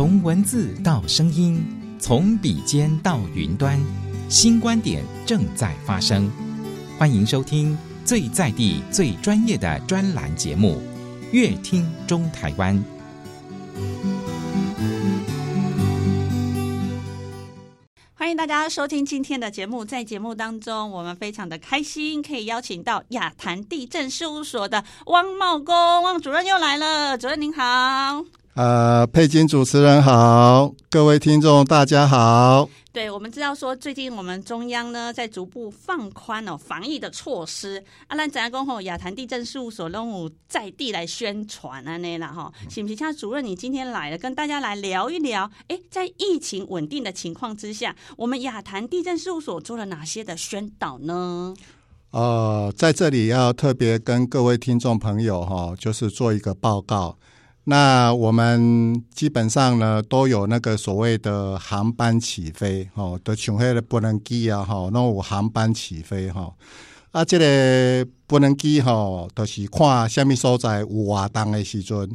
從文字到聲音，從筆尖到雲端，新觀點正在發生。歡迎收聽最在地、最專業的專欄節目《樂聽中台灣》。歡迎大家收聽今天的節目，在節目當中，我們非常的開心，可以邀請到雅潭地政事務所的汪懋功汪主任又來了，主任您好。呃，佩金主持人好，各位聽眾大家好。對，我們知道說最近我們中央呢在逐步放寬、哦、防疫的措施。阿蘭總工哈雅潭地政事務所任務在地來宣傳啊那了哈，請、哦、不是？像主任你今天來了，跟大家來聊一聊。誒在疫情穩定的情況之下，我們雅潭地政事務所做了哪些的宣導呢？呃，在這裡要特別跟各位聽眾朋友哈、哦，就是做一個報告。那我們基本上呢，都有那個所謂的航班起飛，吼、哦，都像迄個不能機啊，吼、哦，攏有航班起飛，吼、哦。啊，即、這個不能機吼、啊，都、就是看啥物所在有活動誒時陣。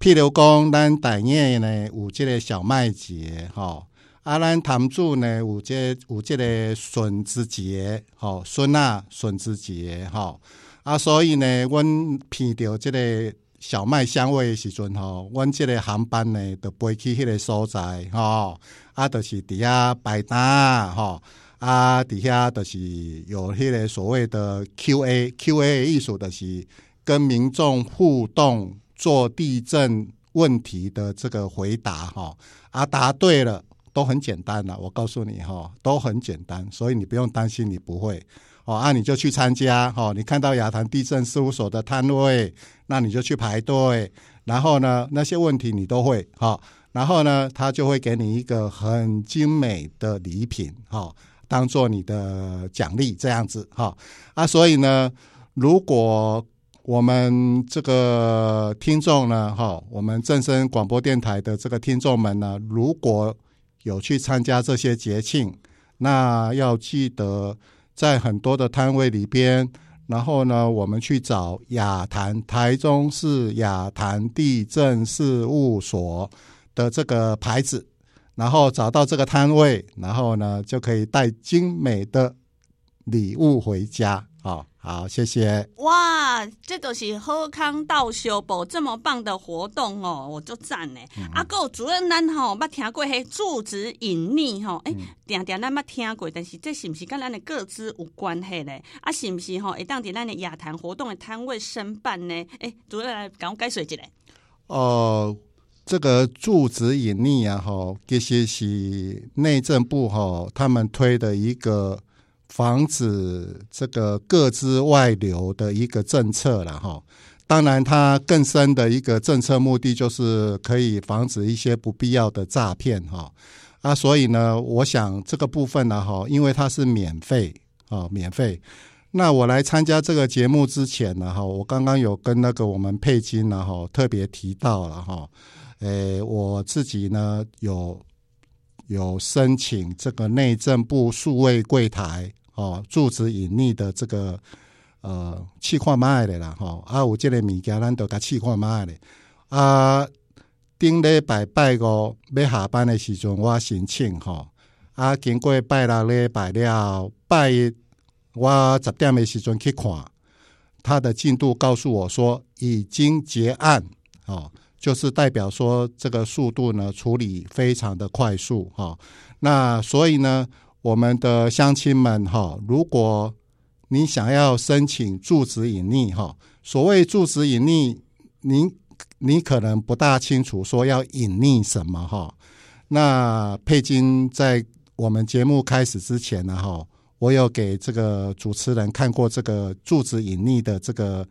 譬如講，咱大雅呢有即個小麥節，吼、哦；啊，咱潭子呢有這個、有即個筍子節，吼、哦，筍啊，筍子節，吼、哦。啊，所以呢，阮聞到即、這個。小麥香味的時陣吼，阮這個航班呢，就飛去迄個所在吼啊，就是底下擺攤吼啊，底下就是有迄個所謂的 QA，QA 意思，就是跟民眾互動做地政問題的這個回答吼啊，答對了都很簡單了，我告訴你吼都很簡單，所以你不用擔心你不會。哦，那、啊、你就去參加，哈、哦，你看到雅潭地政事務所的攤位，那你就去排隊，然後呢，那些問題你都會，哈、哦，然後呢，他就會給你一個很精美的禮品，哈、哦，當做你的獎勵這樣子，哈、哦，啊，所以呢，如果我們這個聽眾呢，哈、哦，我們正聲廣播電台的這個聽眾們呢，如果有去參加這些節慶，那要記得。在很多的攤位裡邊，然後呢，我們去找雅潭台中市雅潭地政事務所的這個牌子，然後找到這個攤位，然後呢，就可以帶精美的禮物回家啊。好，謝謝。哇，這都是好康逗相報，這麼棒的活動哦，我就讚呢。阿、哦、哥、嗯啊、主任、哦，咱吼捌聽過嘿、哦，住址隱匿吼，誒、嗯，定定咱捌聽過，但是這是不是跟咱的個資有關係呢？啊，是不是吼、哦？也當點咱的雅潭活動的攤位申辦呢？誒、欸，主任來，跟我解說一下。哦、呃，這個住址隱匿啊吼，其實是內政部吼、哦、他們推的一個。防止這個個資外流的一個政策了哈，當然它更深的一個政策目的就是可以防止一些不必要的詐騙哈啊，所以呢，我想這個部分呢、啊、哈，因為它是免費啊，免費。那我來參加這個節目之前呢、啊、哈，我剛剛有跟那個我們佩金呢、啊、哈特別提到了、啊、哈，誒，我自己呢有。有申請這個內政部數位櫃台哦，住址隱匿的這個呃，試看覓咧啦哈、哦，啊，有即個物件咱都叫試看覓咧啊。頂禮拜拜五，要下班的時陣我申請哈、哦，啊，經過拜六禮拜了拜一，我十點的時陣去看他的進度，告訴我說已經結案哦。就是代表說，這個速度呢，處理非常的快速哈、哦。那所以呢，我們的鄉親們哈、哦，如果你想要申請住址隱匿哈、哦，所謂住址隱匿，您、你，你可能不大清楚說要隱匿什麼哈、哦。那佩金在我們節目開始之前呢，哈、哦，我有給這個主持人看過這個住址隱匿的這個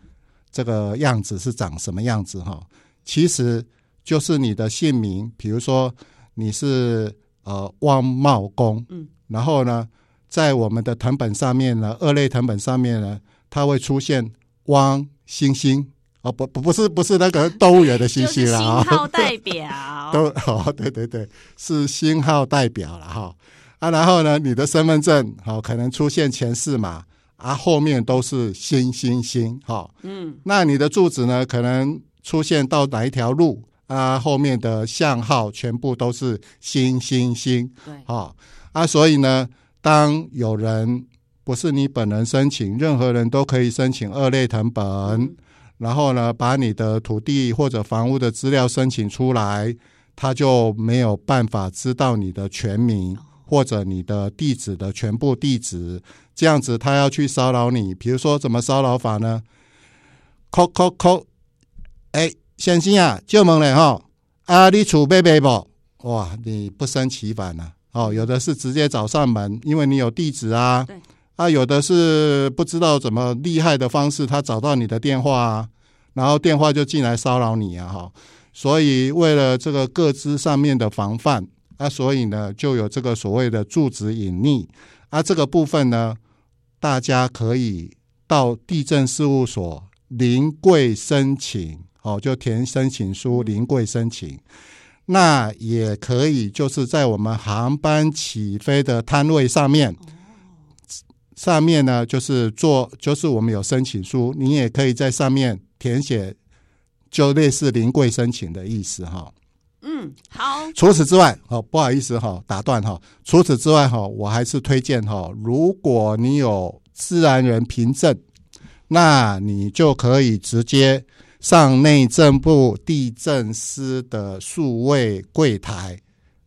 這個樣子是長什麼樣子哈。哦其實就是你的姓名，比如說你是呃汪懋功，嗯，然後呢，在我們的謄本上面呢，二類謄本上面呢，它會出現汪星星哦，不不不是不是那個動物園的星星啦、哦，啊， 星號代表都好、哦，對對對，是星號代表啦哈、哦、啊，然後呢，你的身份證好、哦、可能出現前四碼，啊後面都是星星星哈，哦、嗯，那你的住址呢可能。出現到哪一條路啊？後面的巷號，全部都是星星星，對啊，所以呢，當有人不是你本人申請，任何人都可以申請二類謄本。然後呢，把你的土地或者房屋的資料申請出來，他就沒有辦法知道你的全名或者你的地址的全部地址。這樣子，他要去騷擾你，譬如說怎麼騷擾法呢？扣扣扣。哎，先生啊！借問咧啊！你儲備備不哇？你不勝其煩啊。哦，有的是直接找上門，因為你有地址啊。對啊，有的是不知道怎麼厲害的方式，他找到你的電話啊，然後電話就進來騷擾你啊！哈、哦，所以為了這個個資上面的防範啊，所以呢，就有這個所謂的住址隱匿啊，這個部分呢，大家可以到地政事務所臨櫃申請。哦，就填申請書，臨櫃申請。那也可以，就是在我們航班起飛的攤位上面，上面呢，就是做，就是我們有申請書，你也可以在上面填寫，就類似臨櫃申請的意思哈。嗯，好。除此之外，哦，不好意思哈，打斷哈。除此之外哈，我還是推薦哈，如果你有自然人憑證，那你就可以直接。上內政部地政司的數位櫃檯，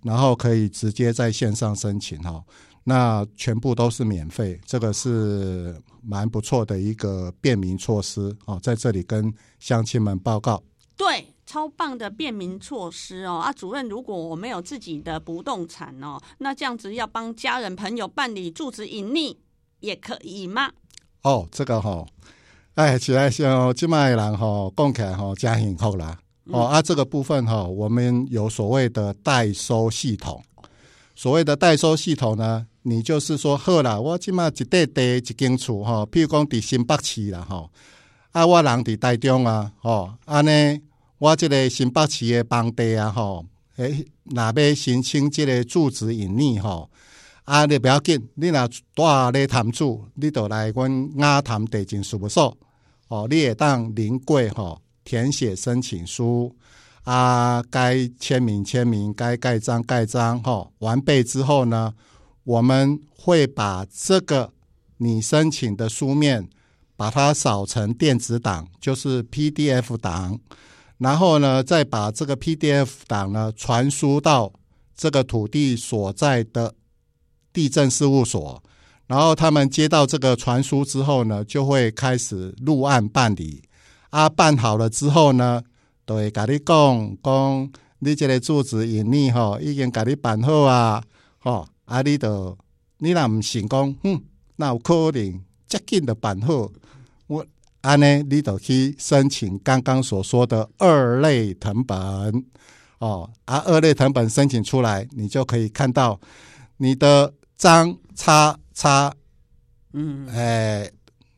然後可以直接在線上申請哦。那全部都是免費，這個是蠻不錯的一個便民措施哦，在這裡跟鄉親們報告。對，超棒的便民措施哦！啊，主任，如果我沒有自己的不動產哦，那這樣子要幫家人朋友辦理住址隱匿，也可以嗎？哦，這個好、哦哎，實來想哦，即賣誒人吼講起來吼誠幸福啦。吼、嗯、啊，即、這個部分吼，我們有所謂的代收系統。所謂的代收系統呢，你就是說好啦，我即賣一塊地，一間厝吼，比如講，佇新北市啦吼啊，我人佇台中啊，吼，安尼，我即個新北市誒房地啊，吼，哎，若欲申請即個住址隱匿吼。啊，你不要緊，你拿大你談住，你就來阮雅潭地政事務所哦。你也當臨櫃吼，填寫申請書啊，該簽名簽名，該蓋章蓋章吼。完備之後呢，我們會把這個你申請的書面把它掃成電子檔，就是 PDF 檔，然後呢，再把這個 PDF 檔呢傳輸到這個土地所在的地政事務所，然後他們接到這個傳輸之後呢，就會開始入案辦理。啊，辦好了之後呢，對，跟你講，講你這個住址隱匿哈，已經跟你辦好、哦、啊，哈，阿你的你那唔成功，哼，那有可能接近的辦好。我阿、啊、呢，你就去申請剛剛所說的二類謄本哦，阿、啊、二類謄本申請出來，你就可以看到你的。張叉叉，嗯，哎，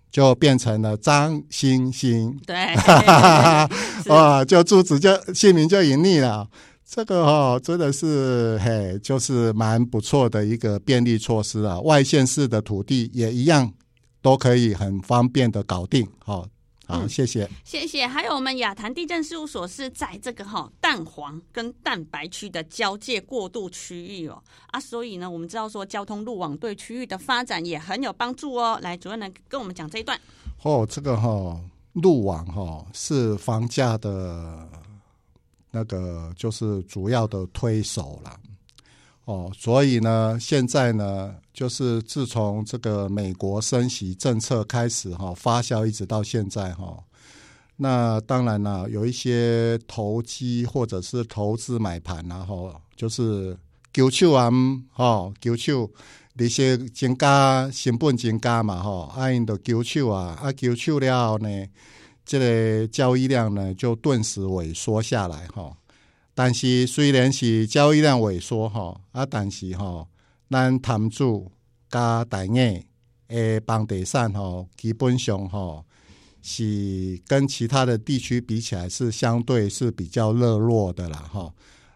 就變成了張星星，對，哈哈哈哈。是哇，就住址就姓名就隱匿了，這個哦，真的是嘿，就是蠻不錯的一個便利措施啊，外縣市的土地也一樣都可以很方便的搞定，哦。嗯、謝謝，謝謝。還有我們雅潭地政事務所，是在這個哈、哦、蛋黃跟蛋白區的交界過渡區域哦啊，所以呢，我們知道說交通路網對區域的發展也很有幫助哦。來，主任來跟我們講這一段。哦，這個哈、哦、路網哈、哦、是房價的那個就是主要的推手了。哦，所以呢，現在呢，就是自從這個美國升息政策開始哈、哦、發酵，一直到現在哈、哦。那當然了，有一些投機或者是投資買盤然後就是救手、哦救手，哦啊、救手啊，哈、啊、救手，一些增加成本增加嘛哈，啊因的救手啊啊救手了後呢，這個交易量呢就頓時萎縮下來哈。哦但是雖然是交易量萎縮哈，啊，但是哈，咱潭子加大雅誒，房地產哈基本上是跟其他的地區比起來是相對是比較熱絡的啦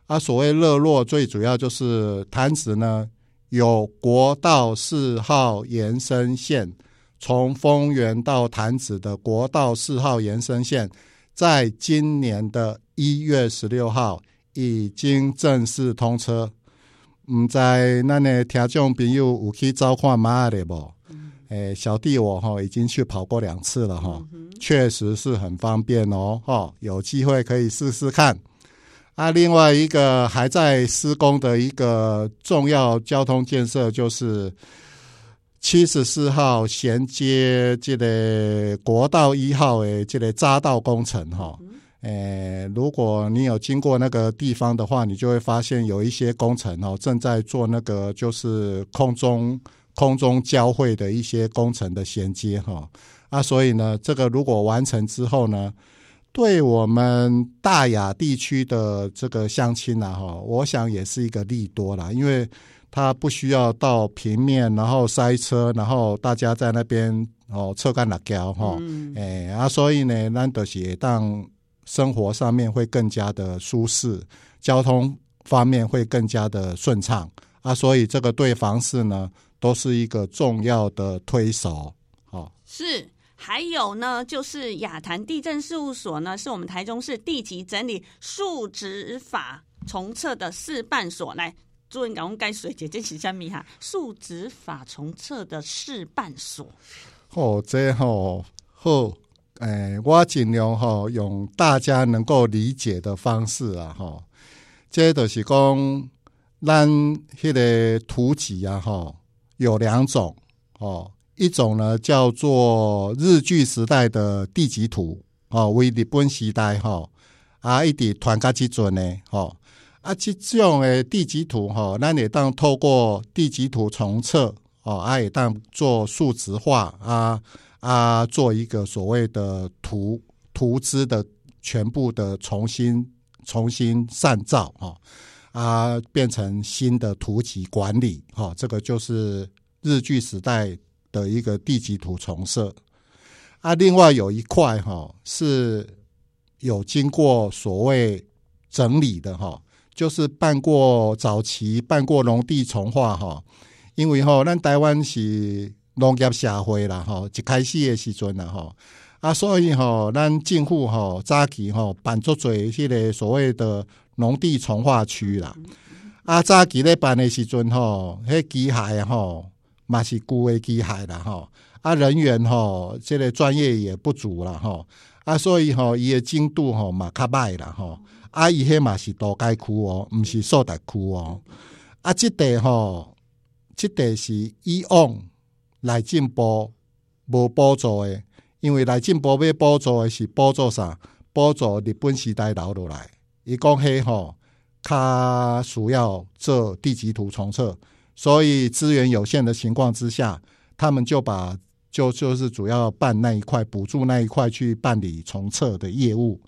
啊，所謂熱絡，最主要就是潭子呢有國道四號延伸線，從豐原到潭子的國道四號延伸線。在今年的一月十六號已經正式通車。嗯，不知那個，聽眾朋友有，我去召喚媽的不？哎，小弟我已經去跑過兩次了，確實是很方便哦，有機會可以試試看。啊，另外一個還在施工的一個重要交通建設就是。七十四號銜接這個國道一號誒，這個匝道工程哈、哦，誒、哎，如果你有經過那個地方的話，你就會發現有一些工程哦，正在做那個就是空中空中交匯的一些工程的銜接哈、哦。啊，所以呢，這個如果完成之後呢，對我們大雅地區的這個鄉親啊哈，我想也是一個利多啦，因為。它不需要到平面，然後塞車，然後大家在那邊哦，車乾辣椒哈，哦嗯、哎，啊，所以呢，難得些，但生活上面會更加的舒適，交通方面會更加的順暢，啊，所以這個對房市呢都是一個重要的推手，哦、是，還有呢，就是雅潭地政事務所呢，是我們台中市地籍整理數值法重測的試辦所來。主任甲我介紹，即是蝦米哈？數值法重測的試辦所。好，這吼好、欸，我盡量吼、哦、用大家能夠理解的方式啊，哦、這就是講咱迄個圖集啊，哦、有兩種哦。一種呢叫做日據時代的地籍圖、哦、為日本時代哈、哦、啊一直傳到即陣呢，哦啊，這種的地籍圖哈，那、哦、你當透過地籍圖重測哦，啊也當做數值化啊啊，做一個所謂的圖圖資的全部的重新重新繕造啊、哦、啊，變成新的圖籍管理哈、哦，這個就是日據時代的一個地籍圖重測。啊，另外有一塊哈、哦、是有經過所謂整理的哈。哦就是辦過早期，辦過農地重劃吼、哦，因為吼、哦、咱台灣是農業社會啦吼，一開始誒時陣啦吼啊，所以吼、哦、咱政府吼、哦、早期吼、哦、辦足濟迄個所謂的農地重劃區啦，啊，早期咧辦誒時陣吼迄機械吼嘛是舊誒機械啦吼啊，人員吼、哦、即、這個專業也不足啦吼啊，所以吼伊誒精度吼、哦、嘛較歹啦吼。哦阿伊嘿嘛是圖解區哦，毋是數值區哦。啊，即塊吼，即塊是以往內政部無補助誒，因為內政部要補助誒，是補助啥？補助日本時代留落來。伊講嘿吼，較需要做地籍圖重測，所以資源有限的情況之下，他們就把就就是主要辦那一塊補助那一塊去辦理重測的業務。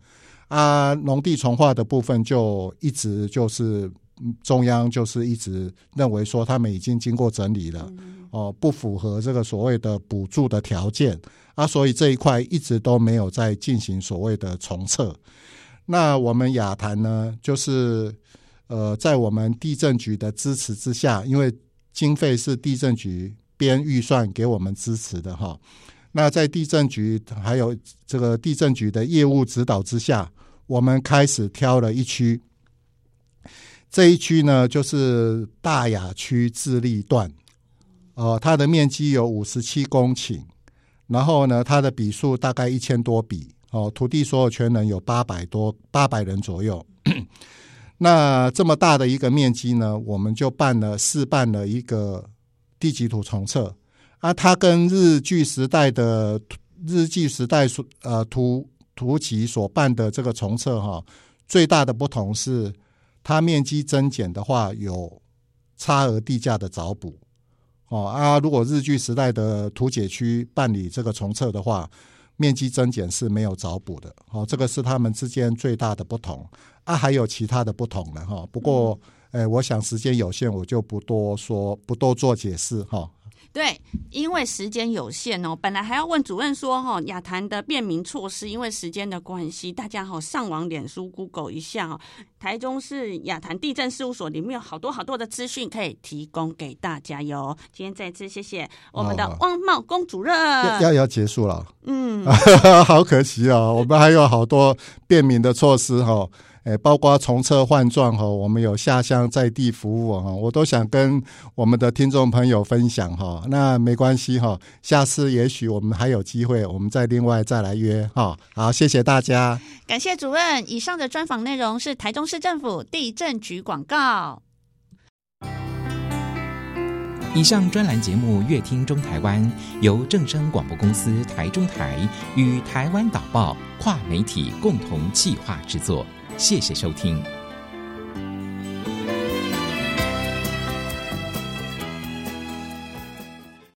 啊，農地重劃的部分就一直就是中央就是一直認為說他們已經經過整理了，嗯嗯哦，不符合這個所謂的補助的條件啊，所以這一塊一直都沒有再進行所謂的重測。那我們雅潭呢，就是呃，在我們地政局的支持之下，因為經費是地政局編預算給我們支持的哈。哦那在地政局還有這個地政局的業務指導之下，我們開始挑了一區，這一區呢就是大雅區智利段，呃，它的面積有五十七公頃，然後呢，它的筆數大概一千多筆，哦，土地所有權人有八百多八百人左右。 那這麼大的一個面積呢，我們就辦了試辦了一個地籍圖重測。啊，它跟日據時代的日據時代所呃圖圖集所辦的這個重測哈，最大的不同是它面積增減的話有差額地價的找補哦。啊，如果日據時代的圖解區辦理這個重測的話，面積增減是沒有找補的。哦，這個是他們之間最大的不同。啊，還有其他的不同呢哈、哦。不過誒，我想時間有限，我就不多說，不多做解釋哈。哦對，因為時間有限哦，本來還要問主任說哈、哦、雅潭的便民措施，因為時間的關係，大家好、哦、上網臉書、Google 一下哦，台中市雅潭地政事務所裡面有好多好多的資訊可以提供給大家喲、哦。今天再次謝謝我們的汪懋功主任，好好要要結束了，嗯， 好可惜哦，我們還有好多便民的措施哈、哦。哎、包括重測換狀、哦、我們有下鄉在地服務、哦、我都想跟我們的聽眾朋友分享、哦、那沒關係、哦、下次也許我們還有機會，我們再另外再來約、哦、好，謝謝大家，感謝主任。以上的專訪內容是台中市政府地政局廣告。以上專欄節目《樂聽中台灣》由正聲廣播公司台中台與台灣導報跨媒體共同企劃製作。謝謝收聽。